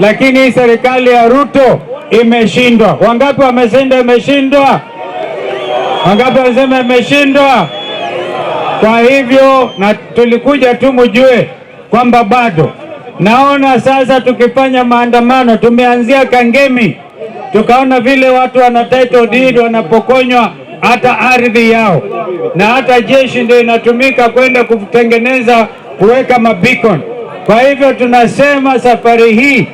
lakini serikali ya Ruto imeshindwa. Wangapi wamesema imeshindwa? Wangapi wamesema imeshindwa? Kwa hivyo na tulikuja tu mjue kwamba bado naona sasa, tukifanya maandamano, tumeanzia Kangemi, tukaona vile watu wana title deed wanapokonywa hata ardhi yao, na hata jeshi ndio inatumika kwenda kutengeneza kuweka mabikon. Kwa hivyo tunasema safari hii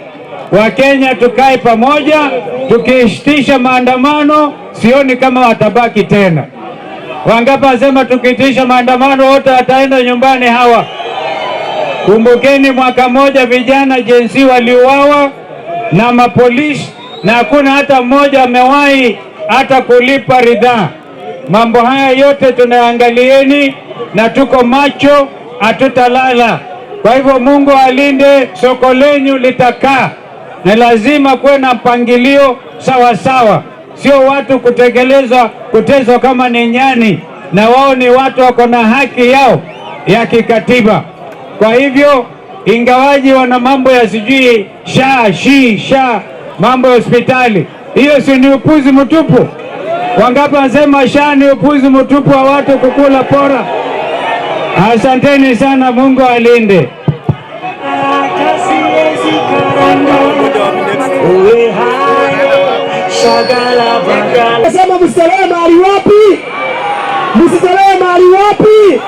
Wakenya tukae pamoja, tukiitisha maandamano, sioni kama watabaki tena. Wangapi wasema tukiitisha maandamano wote wataenda nyumbani hawa? Kumbukeni, mwaka moja vijana jinsi waliuawa na mapolisi na hakuna hata mmoja amewahi hata kulipa ridhaa. Mambo haya yote tunaangalieni na tuko macho, hatutalala. Kwa hivyo Mungu alinde, soko lenyu litakaa ni lazima kuwe na mpangilio sawa sawa, sio watu kutekelezwa kutezwa kama ni nyani, na wao ni watu wako na haki yao ya kikatiba. Kwa hivyo ingawaji wana mambo ya sijui sha shi sha mambo ya hospitali, hiyo si ni upuzi mtupu? Wangapi wanasema sha ni upuzi mtupu wa watu kukula pora? Asanteni sana, Mungu alinde. Nasema msitolewe mahali wapi, msitolewe mahali wapi,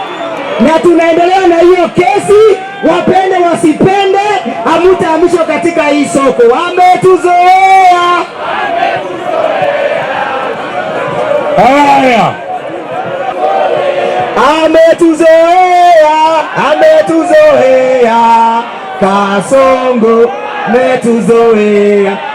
na tunaendelea na hiyo kesi, wapende wasipende, hamutahamishwa katika hii soko. Wametuzoea. Haya, ametuzoea, ametuzoea Kasongo metuzoea